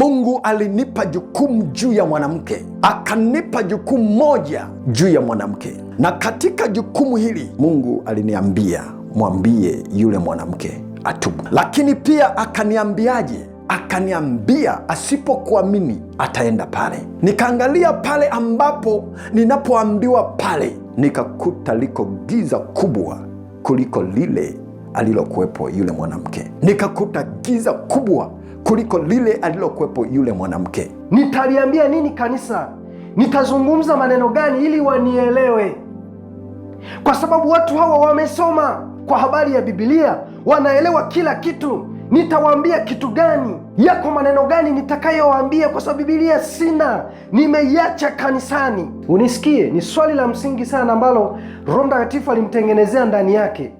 Mungu alinipa jukumu juu ya mwanamke, akanipa jukumu moja juu ya mwanamke, na katika jukumu hili Mungu aliniambia mwambie yule mwanamke atubu. Lakini pia akaniambiaje? Akaniambia asipokuamini ataenda pale. Nikaangalia pale ambapo ninapoambiwa pale, nikakuta liko giza kubwa kuliko lile alilokuwepo yule mwanamke, nikakuta giza kubwa kuliko lile alilokuwepo yule mwanamke. Nitaliambia nini kanisa? Nitazungumza maneno gani ili wanielewe? Kwa sababu watu hawa wamesoma kwa habari ya Biblia, wanaelewa kila kitu. Nitawaambia kitu gani? Yako maneno gani nitakayowaambia? Kwa sababu Biblia sina, nimeiacha kanisani. Unisikie, ni swali la msingi sana ambalo Roho Mtakatifu alimtengenezea ndani yake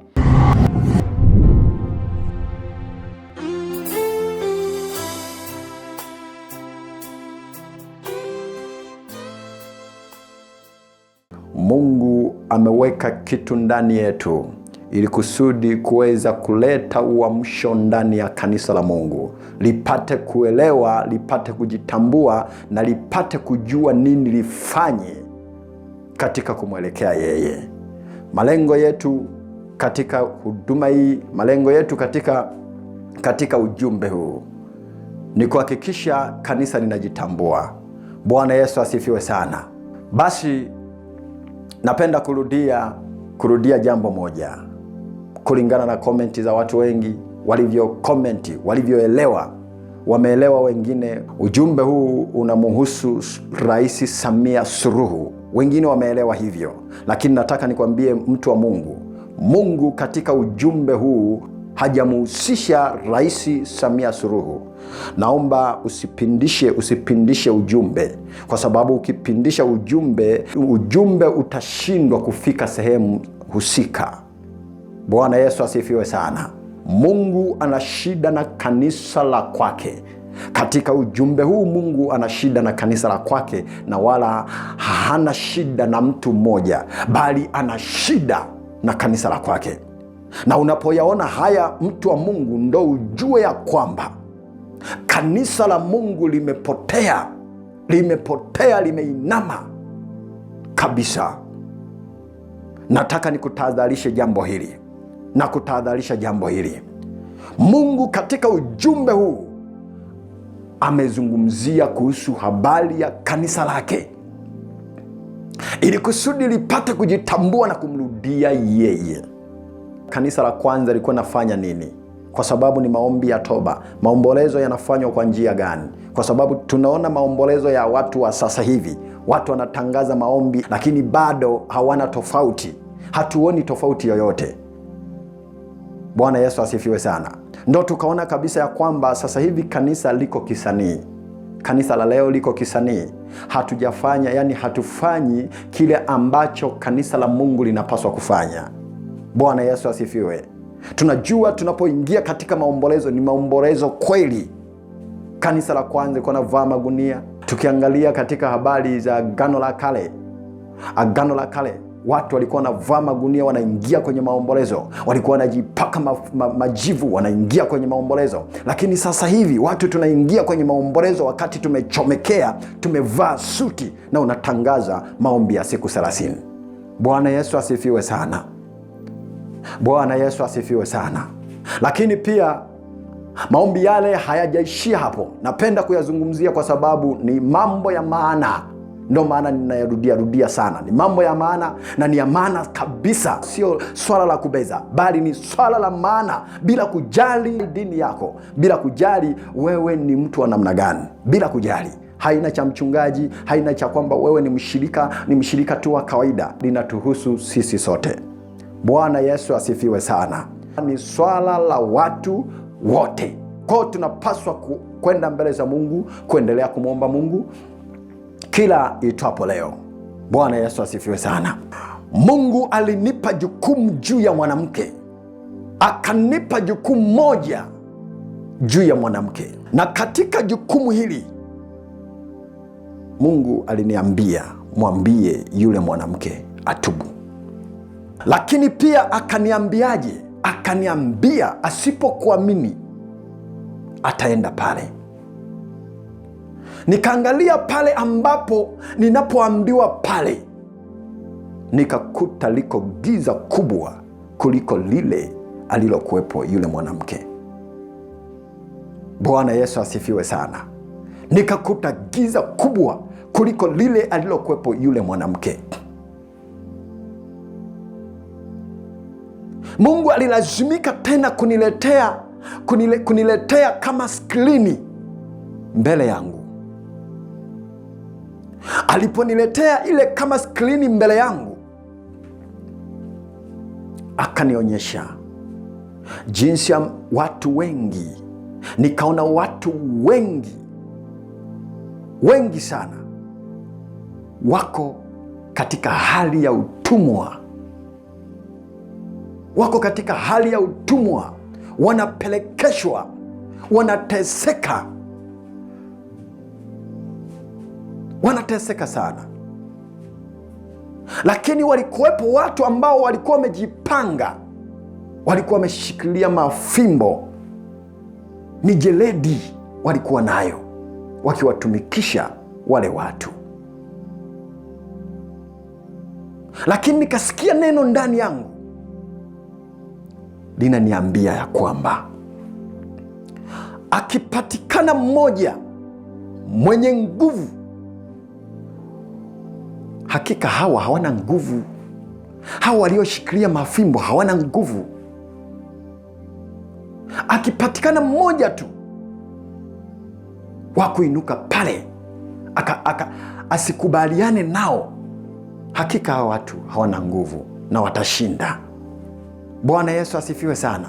Mungu ameweka kitu ndani yetu ili kusudi kuweza kuleta uamsho ndani ya kanisa la Mungu, lipate kuelewa, lipate kujitambua na lipate kujua nini lifanye katika kumwelekea yeye. Malengo yetu katika huduma hii, malengo yetu katika, katika ujumbe huu ni kuhakikisha kanisa linajitambua. Bwana Yesu asifiwe sana. Basi Napenda kurudia kurudia jambo moja, kulingana na komenti za watu wengi walivyo komenti, walivyoelewa wameelewa wengine. Ujumbe huu unamuhusu Rais Samia Suluhu, wengine wameelewa hivyo, lakini nataka nikwambie mtu wa Mungu, Mungu katika ujumbe huu hajamuhusisha Rais Samia Suluhu. Naomba usipindishe, usipindishe ujumbe, kwa sababu ukipindisha ujumbe, ujumbe utashindwa kufika sehemu husika. Bwana Yesu asifiwe sana. Mungu ana shida na kanisa la kwake. Katika ujumbe huu Mungu ana shida na kanisa la kwake, na wala hana shida na mtu mmoja, bali ana shida na kanisa la kwake. Na unapoyaona haya, mtu wa Mungu, ndo ujue ya kwamba kanisa la Mungu limepotea, limepotea, limeinama kabisa. Nataka nikutahadharishe jambo hili na kutahadharisha jambo hili. Mungu katika ujumbe huu amezungumzia kuhusu habari ya kanisa lake, ili kusudi lipate kujitambua na kumrudia yeye kanisa la kwanza lilikuwa nafanya nini, kwa sababu ni maombi ya toba. Maombolezo yanafanywa kwa njia gani? Kwa sababu tunaona maombolezo ya watu wa sasa hivi, watu wanatangaza maombi lakini bado hawana tofauti, hatuoni tofauti yoyote. Bwana Yesu asifiwe sana. Ndo tukaona kabisa ya kwamba sasa hivi kanisa liko kisanii, kanisa la leo liko kisanii. Hatujafanya yani, hatufanyi kile ambacho kanisa la Mungu linapaswa kufanya. Bwana Yesu asifiwe. Tunajua tunapoingia katika maombolezo ni maombolezo kweli. Kanisa la kwanza likuwa navaa magunia. Tukiangalia katika habari za Agano la Kale, Agano la Kale watu walikuwa wanavaa magunia, wanaingia kwenye maombolezo, walikuwa wanajipaka ma, ma, majivu, wanaingia kwenye maombolezo. Lakini sasa hivi watu tunaingia kwenye maombolezo wakati tumechomekea, tumevaa suti na unatangaza maombi ya siku thelathini. Bwana Yesu asifiwe sana. Bwana Yesu asifiwe sana. Lakini pia maombi yale hayajaishia hapo, napenda kuyazungumzia kwa sababu ni mambo ya maana Ndo maana ninayarudia rudia sana, ni mambo ya maana na ni ya maana kabisa. Sio swala la kubeza, bali ni swala la maana, bila kujali dini yako, bila kujali wewe ni mtu wa namna gani, bila kujali haina cha mchungaji, haina cha kwamba wewe ni mshirika, ni mshirika tu wa kawaida. Linatuhusu sisi sote. Bwana Yesu asifiwe sana. Ni swala la watu wote kwao, tunapaswa kwenda mbele za Mungu, kuendelea kumwomba Mungu kila itwapo leo. Bwana Yesu asifiwe sana. Mungu alinipa jukumu juu ya mwanamke, akanipa jukumu moja juu ya mwanamke, na katika jukumu hili Mungu aliniambia, mwambie yule mwanamke atubu. Lakini pia akaniambiaje? Akaniambia asipokuamini ataenda pale. Nikaangalia pale ambapo ninapoambiwa pale, nikakuta liko giza kubwa kuliko lile alilokuwepo yule mwanamke. Bwana Yesu asifiwe sana. Nikakuta giza kubwa kuliko lile alilokuwepo yule mwanamke. Mungu alilazimika tena kuniletea kunile, kuniletea kama skrini mbele yangu. Aliponiletea ile kama skrini mbele yangu, akanionyesha jinsi ya watu wengi, nikaona watu wengi wengi sana wako katika hali ya utumwa wako katika hali ya utumwa, wanapelekeshwa, wanateseka, wanateseka sana. Lakini walikuwepo watu ambao walikuwa wamejipanga, walikuwa wameshikilia mafimbo, mijeledi walikuwa nayo, wakiwatumikisha wale watu. Lakini nikasikia neno ndani yangu linaniambia ya kwamba akipatikana mmoja mwenye nguvu, hakika hawa hawana nguvu. Hawa walioshikilia mafimbo hawana nguvu. Akipatikana mmoja tu wa kuinuka pale aka, aka, asikubaliane nao, hakika hawa watu hawana nguvu na watashinda. Bwana Yesu asifiwe sana.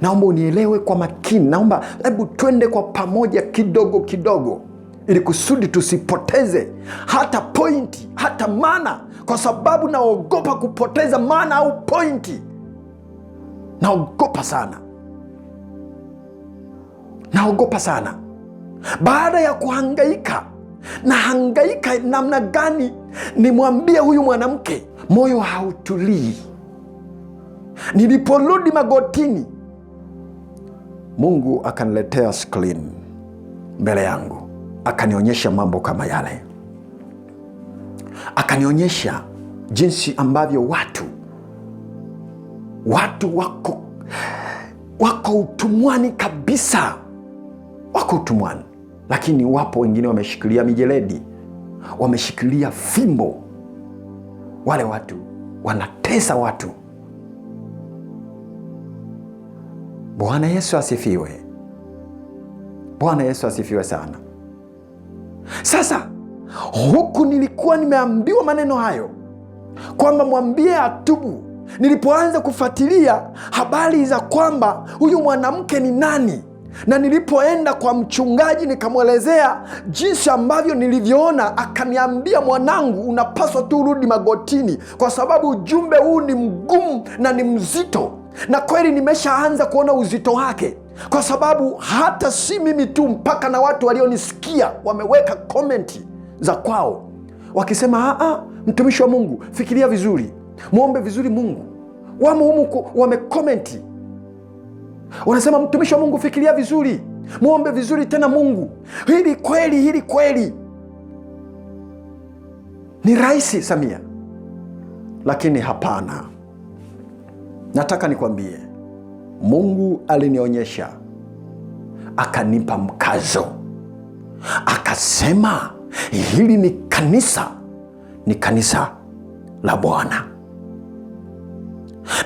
Naomba unielewe kwa makini, naomba hebu twende kwa pamoja kidogo kidogo, ili kusudi tusipoteze hata pointi hata mana kwa sababu naogopa kupoteza mana au pointi. Naogopa sana, naogopa sana. Baada ya kuhangaika nahangaika namna gani nimwambie huyu mwanamke? Moyo hautulii Niliporudi magotini, Mungu akaniletea skrini mbele yangu, akanionyesha mambo kama yale, akanionyesha jinsi ambavyo watu watu wako wako utumwani kabisa, wako utumwani, lakini wapo wengine wameshikilia mijeledi, wameshikilia fimbo. Wale watu wanatesa watu. Bwana Yesu asifiwe. Bwana Yesu asifiwe sana. Sasa huku nilikuwa nimeambiwa maneno hayo kwamba mwambie atubu. Nilipoanza kufuatilia habari za kwamba huyu mwanamke ni nani, na nilipoenda kwa mchungaji nikamwelezea jinsi ambavyo nilivyoona, akaniambia, mwanangu, unapaswa tu urudi magotini, kwa sababu ujumbe huu ni mgumu na ni mzito na kweli nimeshaanza kuona uzito wake, kwa sababu hata si mimi tu, mpaka na watu walionisikia wameweka komenti za kwao wakisema, aa, ah, ah, mtumishi wa Mungu, fikiria vizuri, mwombe vizuri Mungu. Wamo humu wamekomenti, wanasema, mtumishi wa Mungu, fikiria vizuri, mwombe vizuri tena Mungu. Hili kweli, hili kweli ni rahisi Samia, lakini hapana Nataka nikwambie, Mungu alinionyesha akanipa mkazo, akasema hili ni kanisa, ni kanisa la Bwana.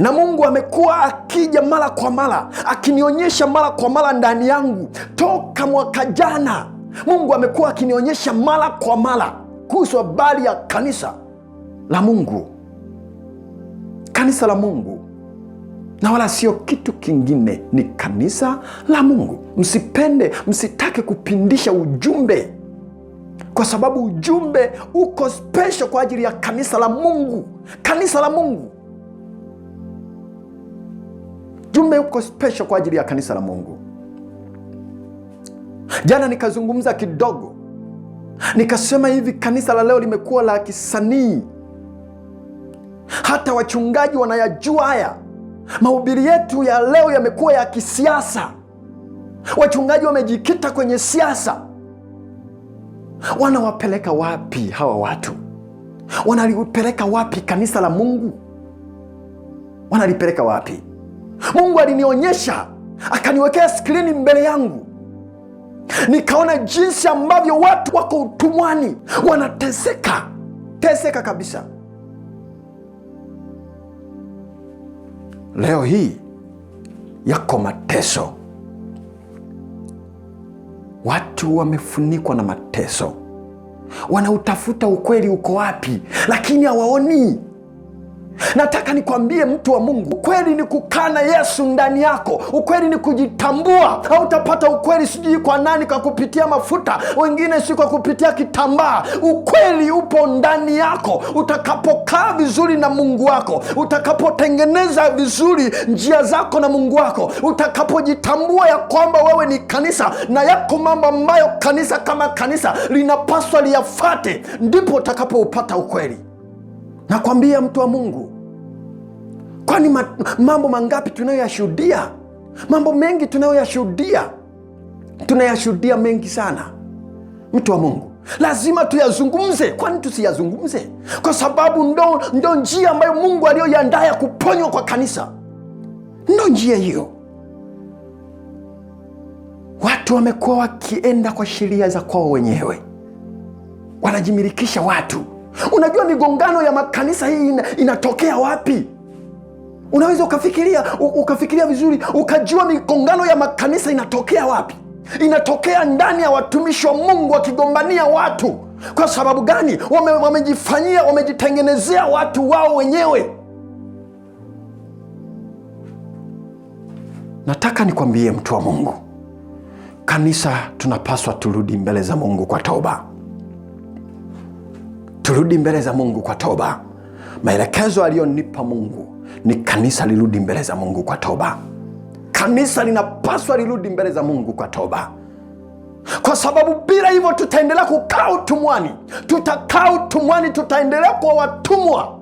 Na Mungu amekuwa akija mara kwa mara akinionyesha mara kwa mara ndani yangu toka mwaka jana. Mungu amekuwa akinionyesha mara kwa mara kuhusu habari ya kanisa la Mungu, kanisa la Mungu na wala sio kitu kingine, ni kanisa la Mungu. Msipende, msitake kupindisha ujumbe, kwa sababu ujumbe uko special kwa ajili ya kanisa la Mungu. Kanisa la Mungu, ujumbe uko special kwa ajili ya kanisa la Mungu. Jana nikazungumza kidogo, nikasema hivi, kanisa la leo limekuwa la kisanii, hata wachungaji wanayajua haya Mahubiri yetu ya leo yamekuwa ya kisiasa. Wachungaji wamejikita kwenye siasa. Wanawapeleka wapi hawa watu? Wanalipeleka wapi kanisa la Mungu? Wanalipeleka wapi? Mungu alinionyesha akaniwekea skrini mbele yangu, nikaona jinsi ambavyo watu wako utumwani, wanateseka teseka kabisa. Leo hii yako mateso, watu wamefunikwa na mateso, wanautafuta ukweli uko wapi, lakini hawaoni. Nataka nikwambie mtu wa Mungu, ukweli ni kukana Yesu ndani yako, ukweli ni kujitambua. Hautapata ukweli sijui kwa nani, kwa kupitia mafuta, wengine si kwa kupitia kitambaa. Ukweli upo ndani yako. Utakapokaa vizuri na Mungu wako, utakapotengeneza vizuri njia zako na Mungu wako, utakapojitambua ya kwamba wewe ni kanisa na yako mambo ambayo kanisa kama kanisa linapaswa liyafate, ndipo utakapoupata ukweli. Nakwambia mtu wa Mungu, Kwani ma, mambo mangapi tunayoyashuhudia, mambo mengi tunayoyashuhudia, tunayashuhudia mengi sana, mtu wa Mungu, lazima tuyazungumze. Kwani tusiyazungumze? Kwa sababu ndo, ndo njia ambayo Mungu aliyoiandaa ya kuponywa kwa kanisa, ndo njia hiyo. Watu wamekuwa wakienda kwa sheria za kwao wenyewe, wanajimilikisha watu. Unajua migongano ya makanisa hii inatokea wapi? Unaweza ukafikiria ukafikiria vizuri ukajua migongano ya makanisa inatokea wapi? Inatokea ndani ya watumishi wa Mungu wakigombania watu. Kwa sababu gani? Wamejifanyia, wame wamejitengenezea watu wao wenyewe. Nataka nikwambie mtu wa Mungu, kanisa, tunapaswa turudi mbele za Mungu kwa toba, turudi mbele za Mungu kwa toba. Maelekezo aliyonipa Mungu ni kanisa lirudi mbele za Mungu kwa toba. Kanisa linapaswa lirudi mbele za Mungu kwa toba, kwa sababu bila hivyo tutaendelea kukaa utumwani, tutakaa utumwani, tutaendelea kuwa watumwa,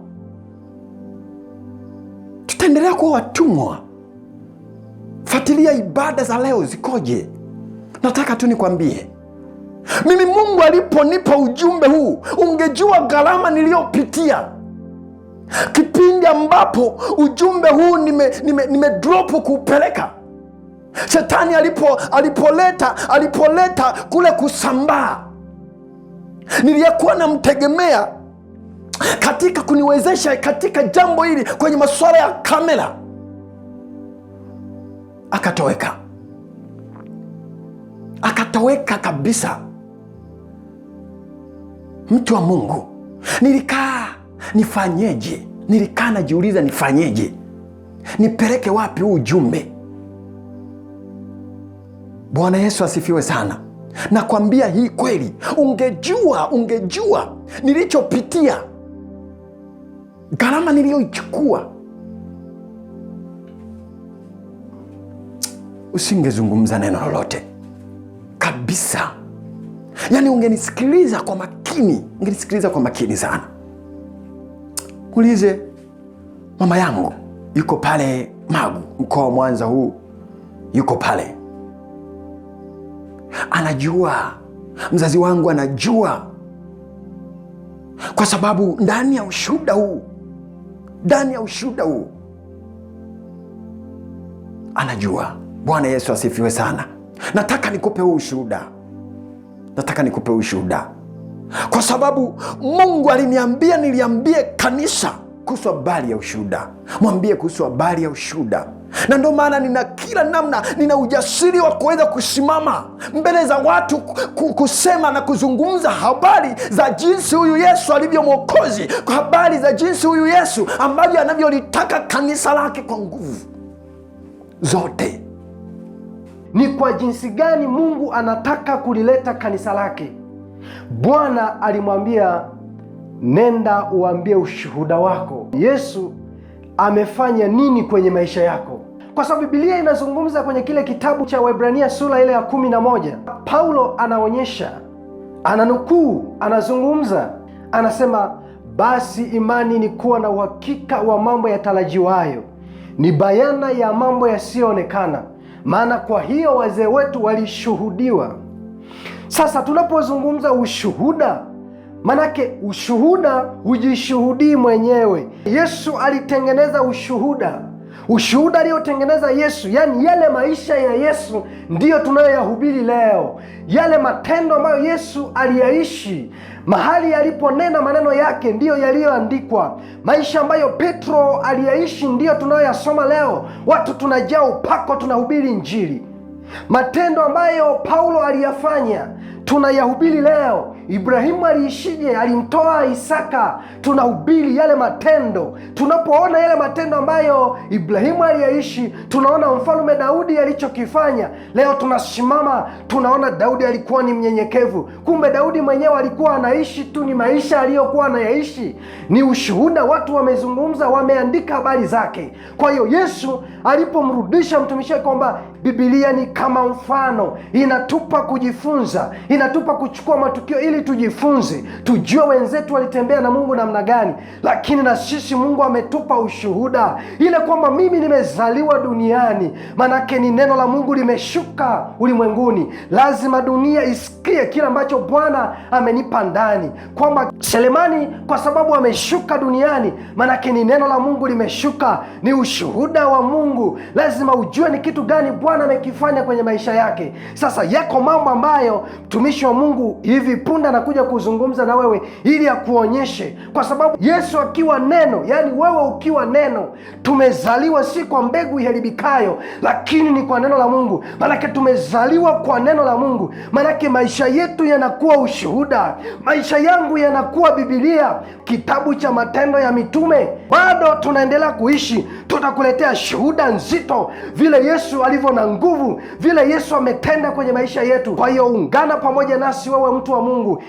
tutaendelea kuwa watumwa. Fatilia ibada za leo zikoje. Nataka tu nikwambie mimi, Mungu aliponipa ujumbe huu, ungejua gharama niliyopitia kipindi ambapo ujumbe huu nimedropu nime, nime kuupeleka shetani alipo, alipoleta alipoleta kule kusambaa niliyekuwa namtegemea katika kuniwezesha katika jambo hili kwenye masuala ya kamera akatoweka akatoweka kabisa mtu wa mungu nilikaa nifanyeje? Nilikaa najiuliza, nifanyeje? Nipeleke wapi huu ujumbe? Bwana Yesu asifiwe sana. Nakwambia hii kweli, ungejua, ungejua nilichopitia, gharama niliyoichukua, usingezungumza neno lolote kabisa. Yaani ungenisikiliza kwa makini, ungenisikiliza kwa makini sana ulize mama yangu yuko pale Magu, mkoa wa Mwanza huu, yuko pale, anajua mzazi wangu anajua, kwa sababu ndani ya ushuhuda huu, ndani ya ushuhuda huu anajua. Bwana Yesu asifiwe sana. Nataka nikupe huu ushuhuda, nataka nikupe huu ushuhuda kwa sababu Mungu aliniambia niliambie kanisa kuhusu habari ya ushuhuda, mwambie kuhusu habari ya ushuhuda. Na ndio maana nina kila namna, nina ujasiri wa kuweza kusimama mbele za watu kusema na kuzungumza habari za jinsi huyu Yesu alivyo Mwokozi, kwa habari za jinsi huyu Yesu ambavyo anavyolitaka kanisa lake kwa nguvu zote. Ni kwa jinsi gani Mungu anataka kulileta kanisa lake Bwana alimwambia nenda uambie ushuhuda wako. Yesu amefanya nini kwenye maisha yako? Kwa sababu Biblia inazungumza kwenye kile kitabu cha Waebrania sura ile ya kumi na moja, Paulo anaonyesha, ananukuu, anazungumza, anasema basi imani ni kuwa na uhakika wa mambo yatarajiwayo, ni bayana ya mambo yasiyoonekana, maana kwa hiyo wazee wetu walishuhudiwa. Sasa tunapozungumza ushuhuda, manake ushuhuda hujishuhudii mwenyewe. Yesu alitengeneza ushuhuda ushuhuda aliyotengeneza Yesu, yaani yale maisha ya Yesu ndiyo tunayoyahubiri leo, yale matendo ambayo Yesu aliyaishi, mahali aliponena maneno yake ndiyo yaliyoandikwa. Maisha ambayo Petro aliyaishi ndiyo tunayoyasoma leo. Watu tunajaa upako, tunahubiri Injili matendo ambayo Paulo aliyafanya tunayahubiri leo. Ibrahimu aliishije? Alimtoa Isaka. Tunahubiri yale matendo. Tunapoona yale matendo ambayo Ibrahimu aliyaishi, tunaona mfalme Daudi alichokifanya. Leo tunasimama, tunaona Daudi alikuwa ni mnyenyekevu. Kumbe Daudi mwenyewe alikuwa anaishi tu ni maisha aliyokuwa anayaishi, ni ushuhuda. Watu wamezungumza, wameandika habari zake. Kwa hiyo Yesu alipomrudisha mtumishi kwamba Biblia ni kama mfano, inatupa kujifunza, inatupa kuchukua matukio ili tujifunze, tujue wenzetu walitembea na Mungu namna gani, lakini na sisi Mungu ametupa ushuhuda ile kwamba mimi nimezaliwa duniani, manake ni neno la Mungu limeshuka ulimwenguni. Lazima dunia isikie kile ambacho Bwana amenipa ndani, kwamba Selemani kwa sababu ameshuka duniani, manake ni neno la Mungu limeshuka, ni ushuhuda wa Mungu. Lazima ujue ni kitu gani Bwana amekifanya kwenye maisha yake. Sasa yako mambo ambayo mtumishi wa Mungu hivi punda anakuja kuzungumza na wewe ili akuonyeshe, kwa sababu Yesu akiwa neno, yaani wewe ukiwa neno, tumezaliwa si kwa mbegu iharibikayo, lakini ni kwa neno la Mungu. Maanake tumezaliwa kwa neno la Mungu, maanake maisha yetu yanakuwa ushuhuda, maisha yangu yanakuwa Bibilia, kitabu cha Matendo ya Mitume. Bado tunaendelea kuishi, tutakuletea shuhuda nzito, vile Yesu alivyo na nguvu, vile Yesu ametenda kwenye maisha yetu. Kwa hiyo ungana pamoja pamoja nasi, wewe mtu wa Mungu.